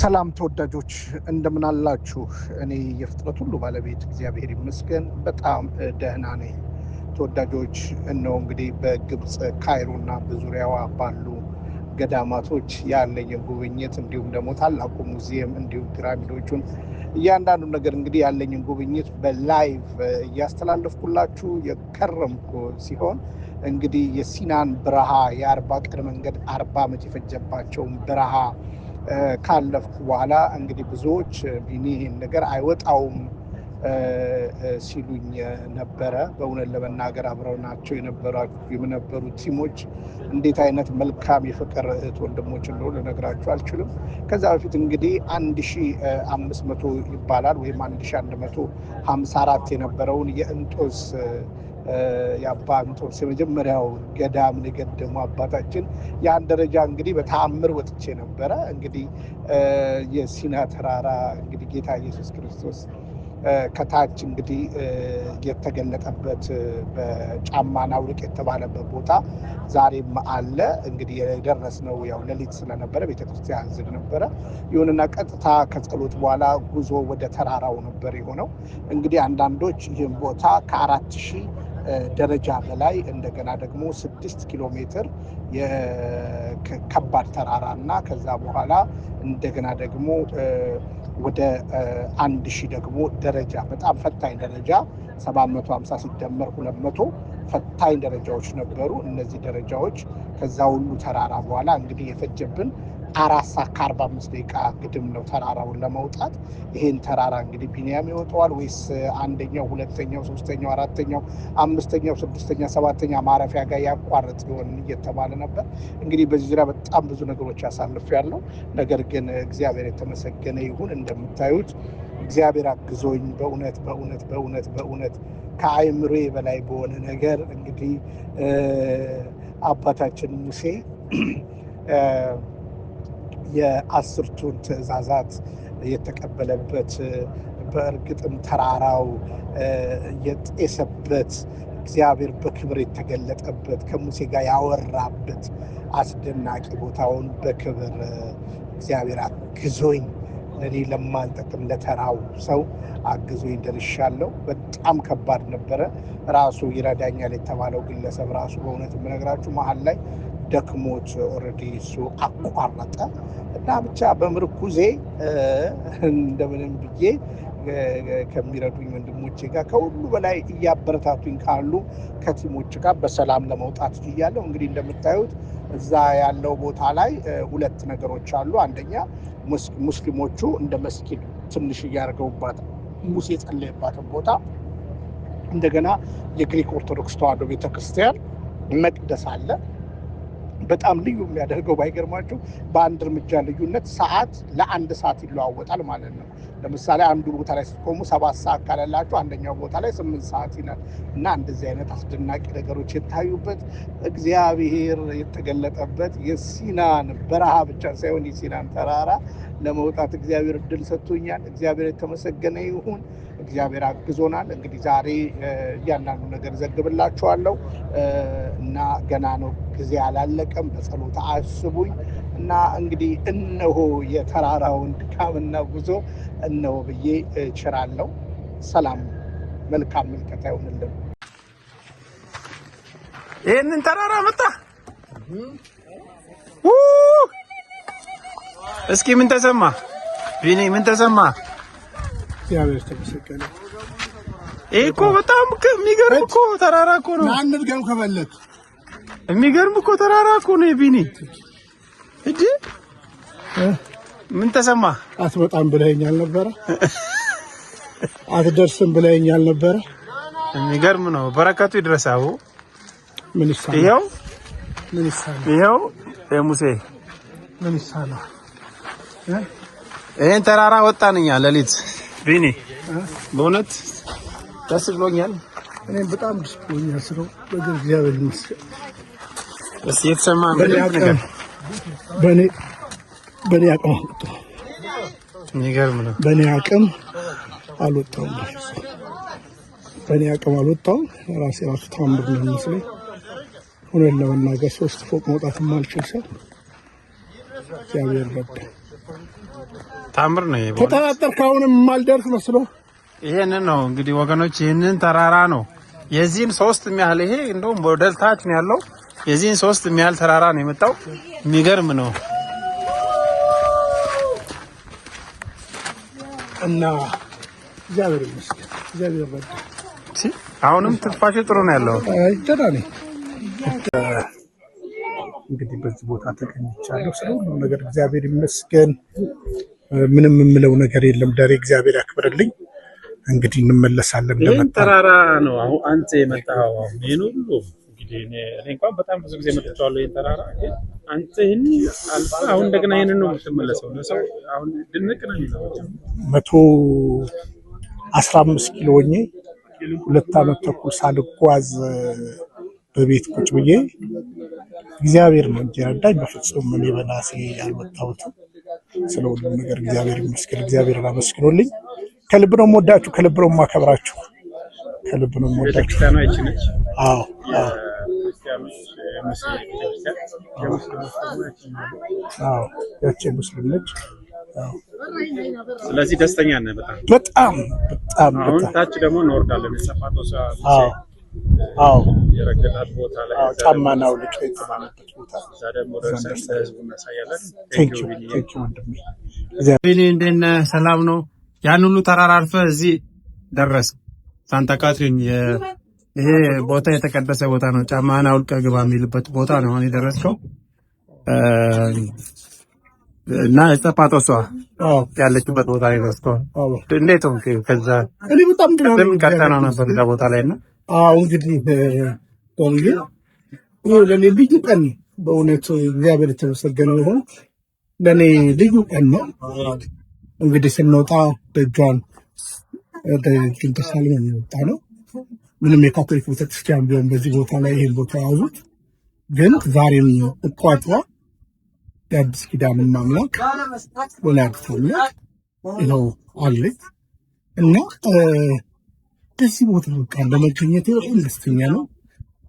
ሰላም ተወዳጆች እንደምን አላችሁ? እኔ የፍጥረት ሁሉ ባለቤት እግዚአብሔር ይመስገን በጣም ደህና ነኝ። ተወዳጆች እነሆ እንግዲህ በግብፅ ካይሮና በዙሪያዋ ባሉ ገዳማቶች ያለኝን ጉብኝት እንዲሁም ደግሞ ታላቁ ሙዚየም እንዲሁም ፒራሚዶቹን እያንዳንዱ ነገር እንግዲህ ያለኝን ጉብኝት በላይቭ እያስተላለፍኩላችሁ የከረምኩ ሲሆን እንግዲህ የሲናን በረሃ የአርባ ቀን መንገድ አርባ ዓመት የፈጀባቸውን በረሃ ካለፍኩ በኋላ እንግዲህ ብዙዎች ቢኒ ይህን ነገር አይወጣውም ሲሉኝ ነበረ። በእውነት ለመናገር አብረው ናቸው የነበሩ ቲሞች እንዴት አይነት መልካም የፍቅር እህት ወንድሞች እንደሆኑ ልነግራችሁ አልችልም። ከዛ በፊት እንግዲህ አንድ ሺ አምስት መቶ ይባላል ወይም አንድ ሺ አንድ መቶ ሀምሳ አራት የነበረውን የእንጦስ የአባ እንጦንስ የመጀመሪያው ገዳም የገደሙ አባታችን ያን ደረጃ እንግዲህ በተአምር ወጥቼ ነበረ። እንግዲህ የሲና ተራራ እንግዲህ ጌታ ኢየሱስ ክርስቶስ ከታች እንግዲህ የተገለጠበት በጫማን አውልቅ የተባለበት ቦታ ዛሬም አለ። እንግዲህ የደረስነው ያው ሌሊት ስለነበረ ቤተክርስቲያን ዝግ ነበረ። ይሁንና ቀጥታ ከጸሎት በኋላ ጉዞ ወደ ተራራው ነበር የሆነው። እንግዲህ አንዳንዶች ይህን ቦታ ከአራት ሺህ ደረጃ በላይ እንደገና ደግሞ ስድስት ኪሎ ሜትር ከባድ ተራራ እና ከዛ በኋላ እንደገና ደግሞ ወደ አንድ ሺህ ደግሞ ደረጃ በጣም ፈታኝ ደረጃ 750 ሲደመር 200 ፈታኝ ደረጃዎች ነበሩ። እነዚህ ደረጃዎች ከዛ ሁሉ ተራራ በኋላ እንግዲህ የፈጀብን አራት ሰዓት ከአርባ አምስት ደቂቃ ግድም ነው ተራራውን ለመውጣት። ይህን ተራራ እንግዲህ ቢኒያም ይወጣዋል ወይስ አንደኛው፣ ሁለተኛው፣ ሶስተኛው፣ አራተኛው፣ አምስተኛው፣ ስድስተኛ፣ ሰባተኛ ማረፊያ ጋር ያቋርጥ ይሆን እየተባለ ነበር። እንግዲህ በዚህ ዙሪያ በጣም ብዙ ነገሮች ያሳልፍ ያለው ነገር ግን እግዚአብሔር የተመሰገነ ይሁን። እንደምታዩት እግዚአብሔር አግዞኝ በእውነት በእውነት በእውነት በእውነት ከአእምሮ በላይ በሆነ ነገር እንግዲህ አባታችን ሙሴ የአስርቱን ትእዛዛት የተቀበለበት በእርግጥም ተራራው የጤሰበት እግዚአብሔር በክብር የተገለጠበት ከሙሴ ጋር ያወራበት አስደናቂ ቦታውን በክብር እግዚአብሔር አግዞኝ ለእኔ ለማንጠቅም ለተራው ሰው አግዞኝ ደርሻለሁ። በጣም ከባድ ነበረ። ራሱ ይረዳኛል የተባለው ግለሰብ ራሱ በእውነት የምነግራችሁ መሀል ላይ ደክሞት ኦልሬዲ እሱ አቋረጠ እና ብቻ በምርኩዜ እንደምንም ብዬ ከሚረዱኝ ወንድሞቼ ጋር ከሁሉ በላይ እያበረታቱኝ ካሉ ከቲሞች ጋር በሰላም ለመውጣት እያለው እንግዲህ እንደምታዩት እዛ ያለው ቦታ ላይ ሁለት ነገሮች አሉ። አንደኛ ሙስሊሞቹ እንደ መስጊድ ትንሽ እያደርገውባት ሙሴ የጸለየባትን ቦታ እንደገና የግሪክ ኦርቶዶክስ ተዋህዶ ቤተክርስቲያን መቅደስ አለ። በጣም ልዩ የሚያደርገው ባይገርማችሁ በአንድ እርምጃ ልዩነት ሰዓት ለአንድ ሰዓት ይለዋወጣል ማለት ነው። ለምሳሌ አንዱ ቦታ ላይ ስትቆሙ ሰባት ሰዓት ካለላችሁ አንደኛው ቦታ ላይ ስምንት ሰዓት ይላል እና እንደዚህ አይነት አስደናቂ ነገሮች የታዩበት እግዚአብሔር የተገለጠበት የሲናን በረሃ ብቻ ሳይሆን የሲናን ተራራ ለመውጣት እግዚአብሔር እድል ሰጥቶኛል። እግዚአብሔር የተመሰገነ ይሁን። እግዚአብሔር አግዞናል። እንግዲህ ዛሬ እያንዳንዱ ነገር ዘግብላችኋለሁ እና ገና ነው ጊዜ አላለቀም። በጸሎት አስቡኝ እና እንግዲህ እነሆ የተራራውን ድካምና ጉዞ እነሆ ብዬ እችራለሁ። ሰላም፣ መልካም ምልከታ ይሆንልን። ይህንን ተራራ መጣ እስኪ ምን ተሰማ? ቢኒ ምን ተሰማ? ይሄ እኮ በጣም የሚገርም እኮ ተራራ እኮ ነው። አንድ ድገም ከበለት የሚገርም እኮ ተራራ እኮ ነው ቢኒ። እጂ ምን ተሰማ? አትመጣም ብለኸኛል ነበረ፣ አትደርስም ብለኸኛል ነበረ። የሚገርም ነው። በረከቱ ይድረስ። አቦ ምን ይሳናል? ይኸው ምን ይሳናል? ይኸው የሙሴ ምን ይሳናል? ይሄን ተራራ ወጣንኛ ሌሊት ቢኒ፣ በእውነት ደስ ብሎኛል። እኔም በጣም ደስ ብሎኛል። ስለው ነገር እግዚአብሔር ይመስገን። እስኪ የተሰማ ነገር በእኔ በእኔ አቅም አልወጣሁም። የሚገርም ነው። በእኔ አቅም አልወጣሁም። በእኔ አቅም አልወጣሁም። ራሴ ራሱ ታምር ነው የሚመስለኝ። እውነት ለመናገር ሶስት ፎቅ መውጣት የማልችል ሰው እግዚአብሔር ረዳ ታምር ነው። ተጠራጠር ካሁንም የማልደርስ መስሎ ይሄንን ነው እንግዲህ ወገኖች፣ ይህንን ተራራ ነው የዚህን ሶስት የሚያህል ይሄ እንደውም ወደ ታች ነው ያለው የዚህን ሶስት የሚያህል ተራራ ነው የመጣው። የሚገርም ነው እና እግዚአብሔር ይመስገን። እግዚአብሔር ይመስገን። አሁንም ትንፋሽ ጥሩ ነው ያለው። እንግዲህ በዚህ ቦታ ተገኝቻለሁ። ስለሁሉም ነገር እግዚአብሔር ይመስገን። ምንም የምለው ነገር የለም። ዳሬ እግዚአብሔር ያክብርልኝ። እንግዲህ እንመለሳለን። ተራራ ነው አሁን አንተ የመጣው ሁሉ እንግዲህ እኔ እንኳን በጣም ብዙ ጊዜ መጥቼዋለሁ። ይህን ተራራ ግን አንተ ይህን አልፈህ አሁን እንደገና ይህንን ነው የምትመለሰው። ለሰው አሁን ድንቅ ነው የሚለው መቶ አስራ አምስት ኪሎ ሆኜ ሁለት አመት ተኩል ሳልጓዝ በቤት ቁጭ ብዬ እግዚአብሔር ነው እንጂ ረዳኝ። በፍጹም እኔ በናሴ ያልወጣሁትም ስለ ሁሉም ነገር እግዚአብሔር ይመስገን። እግዚአብሔርን አመስግኖልኝ ከልብ ነው የምወዳችሁ፣ ከልብ ነው የማከብራችሁ፣ ከልብ ነው የምወዳችሁ። አዎ አዎ ያቺ ሙስሊም ነች። ስለዚህ ደስተኛ ነህ? በጣም በጣም አሁን ታች ደግሞ እንወርዳለን። አዎ የረገጣት ቦታ ላይ ጫማ የተባለበት ቦታ እዛ ደግሞ እናሳያለን። እንዴት ነህ? ሰላም ነው? ያን ሁሉ ተራራ አልፈህ እዚህ ደረስ ሳንታ ካትሪን ይሄ ቦታ የተቀደሰ ቦታ ነው። ጫማህን አውልቀህ ግባ የሚልበት ቦታ ነው አሁን የደረስከው እና ጸጳጦሷ ያለችበት ቦታ ላይ እንዴት ሆንክ? ከዛ ለምን ቀጠና ነበር እዛ ቦታ ላይ እና እንግዲህ ቆንጌ ለእኔ ልዩ ቀን በእውነቱ እግዚአብሔር የተመሰገነ ይሁን። ለእኔ ልዩ ቀን ነው። እንግዲህ ስንወጣ በእጇን ወደ ተሳለ የሚወጣ ነው ምንም የካቶሊክ ቤተክርስቲያን ቢሆን በዚህ ቦታ ላይ ይህን ቦታ ያዙት። ግን ዛሬም እቋጥሯ የአዲስ ኪዳንን ማምለክ ወላድታለ ይኸው አለች እና በዚህ ቦታ በቃ ለመገኘት በጣም ደስተኛ ነው።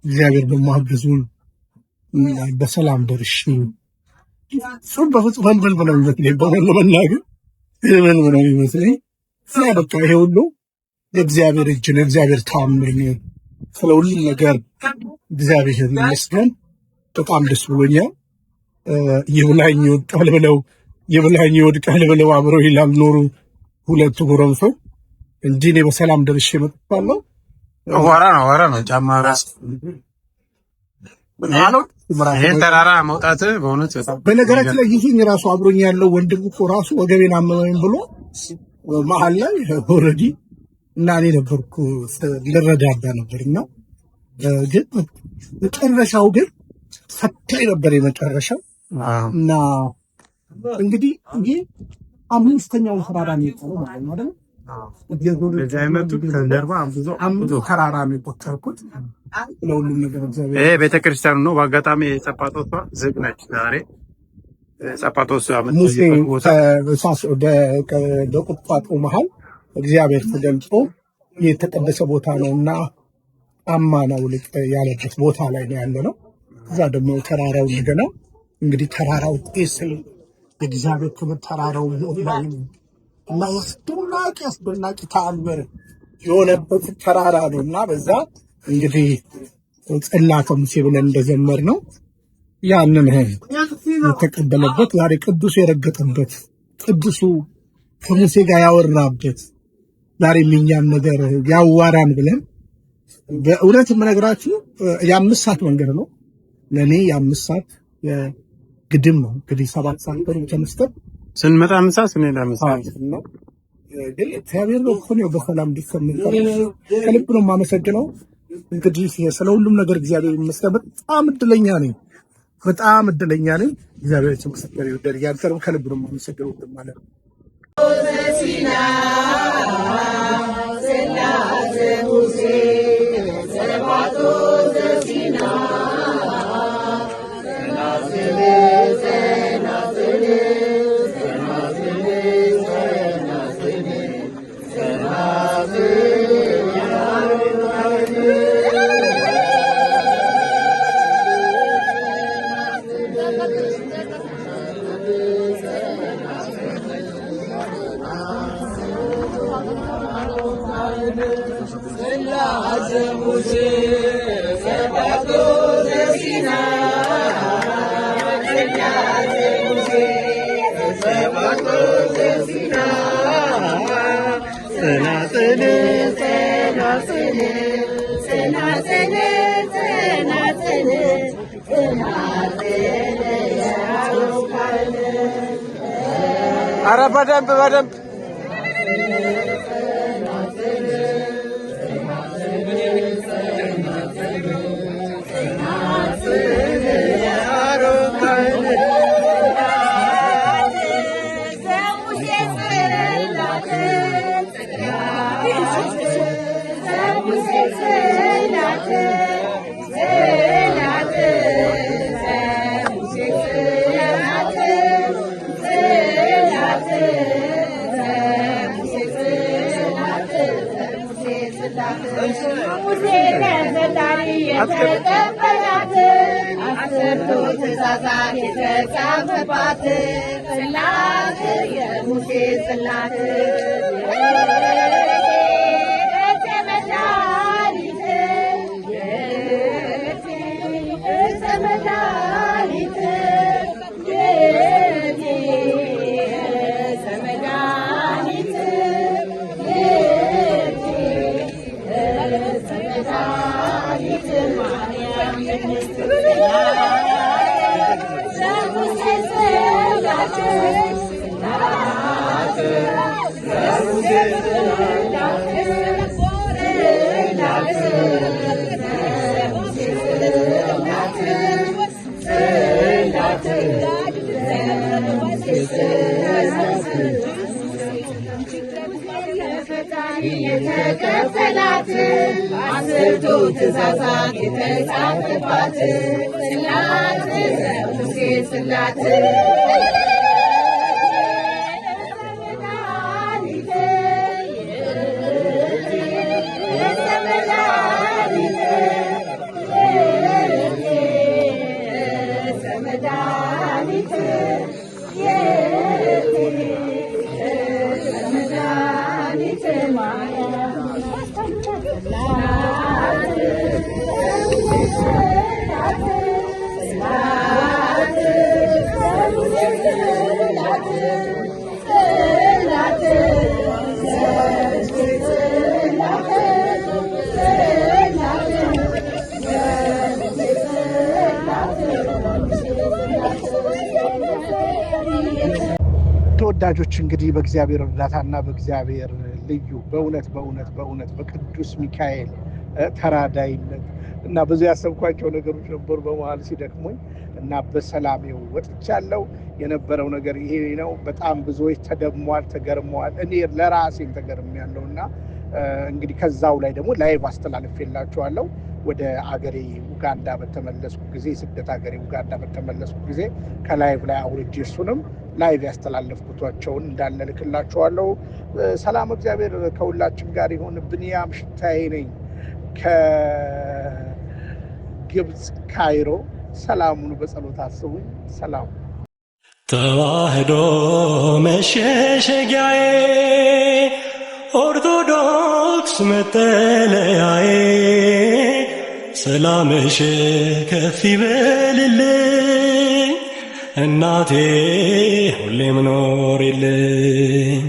እግዚአብሔር በማገዙን በሰላም ደርሽ ሱም በፍጹም ህንብል ብለው ይመስለኝ በሆን ለመናገር ህንብል ብለው ይመስለኝ እና በቃ ይሄ ሁሉ ለእግዚአብሔር እጅ ነው፣ የእግዚአብሔር ተአምር ነው። ስለ ሁሉም ነገር እግዚአብሔር ይመስገን። በጣም ደስ ብሎኛል። ይብላኝ ይወድቃል ብለው ይብላኝ ይወድቃል ብለው አብሮ ይላል ኖሩ ሁለቱ ጎረምሶ እንጂ እኔ በሰላም ደርሼ መጥቻለሁ። ኋራ ነው ኋራ ነው ጫማ ራስ ይህን ተራራ መውጣት በእውነት በነገራችን ላይ ይህኝ ራሱ አብሮኝ ያለው ወንድም እኮ ራሱ ወገቤን አመመኝ ብሎ መሀል ላይ ኦልሬዲ እና እኔ ነበርኩ ልረዳዳ ነበር እና ግን መጨረሻው ግን ፈታኝ ነበር የመጨረሻው እና እንግዲህ ይህ አምስተኛውን ተራራ የሚቆሙ ተራራ የሚቆጠርኩት ለሁሉም ነገር እግዚአብሔር ቤተክርስቲያኑ ነው። በአጋጣሚ ጸጳጦቷ ዝግ ነች ዛሬ። ጸጳጦስ ሙሴ ወደ መሀል እግዚአብሔር ተገልጦ የተቀደሰ ቦታ ነው እና አማናው ልቅ ያለበት ቦታ ላይ ነው ያለ ነው። እዛ ደግሞ ተራራው እንደገና እንግዲህ ተራራው ጤስ እግዚአብሔር ክብር ተራራው ላይ እና አስደናቂ አስደናቂ ተአምር የሆነበት ተራራ ነው እና በዛ እንግዲህ ጽላተ ሙሴ ብለን እንደዘመር ነው ያንን የተቀበለበት ዛሬ ቅዱስ የረገጠበት ቅዱሱ ከሙሴ ጋር ያወራበት ዛሬ የእኛም ነገር ያዋራን ብለን በእውነት የምነግራችሁ የአምስት ሰዓት መንገድ ነው። ለእኔ የአምስት ሰዓት ግድም ነው። እንግዲህ ሰባት ሰዓት ቀሩ ተነስተን ስንመጣ አምስት ሰዓት ስንሄድ አምስት ሰዓት ነው። ግን እግዚአብሔር በሆነ በሰላም እንዲሰምል ከልብ ነው የማመሰግነው። እንግዲህ ስለ ሁሉም ነገር እግዚአብሔር ይመስገን። በጣም እድለኛ ነኝ፣ በጣም እድለኛ ነኝ። እግዚአብሔር ይመስገን። ይወደድ ከልብ ነው የማመሰግነው ማለት ነው። Josefina, Senna, Jebuse. አረ በደንብ በደንብ የተቀበላት አስርቱ ትእዛዛት የተጻፈባት ጽላት የሙሴ ጽላት ትእዛዛት የተጻፈባት ጽላት ጽብርሴ ጽላት ወዳጆች እንግዲህ በእግዚአብሔር እርዳታና በእግዚአብሔር ልዩ በእውነት በእውነት በእውነት በቅዱስ ሚካኤል ተራዳይነት እና ብዙ ያሰብኳቸው ነገሮች ነበሩ በመሀል ሲደክሞኝ እና በሰላሜው ወጥቻለሁ። የነበረው ነገር ይሄ ነው። በጣም ብዙዎች ተደሟል፣ ተገርመዋል። እኔ ለራሴም ያለው እና እንግዲህ ከዛው ላይ ደግሞ ላይቭ አስተላልፌላችኋለሁ። ወደ አገሬ ኡጋንዳ በተመለስኩ ጊዜ ስደት አገሬ ኡጋንዳ በተመለስኩ ጊዜ ከላይቭ ላይ አውርጄ እሱንም ላይቭ ያስተላለፍኩቷቸውን እንዳለ ልክላችኋለሁ። ሰላም እግዚአብሔር ከሁላችን ጋር ይሁን። ብንያም ሽታዬ ነኝ ከግብፅ ካይሮ። ሰላሙን በጸሎት አስቡኝ። ሰላም ተዋህዶ መሸሸጊያዬ ኦርቶዶክስ መጠለያዬ ሰላምሽ ከፍ ይበልልኝ እናቴ ሁሌም ኖሪልኝ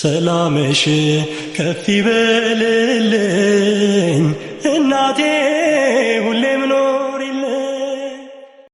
ሰላምሽ ከፍ ይበልልኝ እናቴ ሁሌም ኖ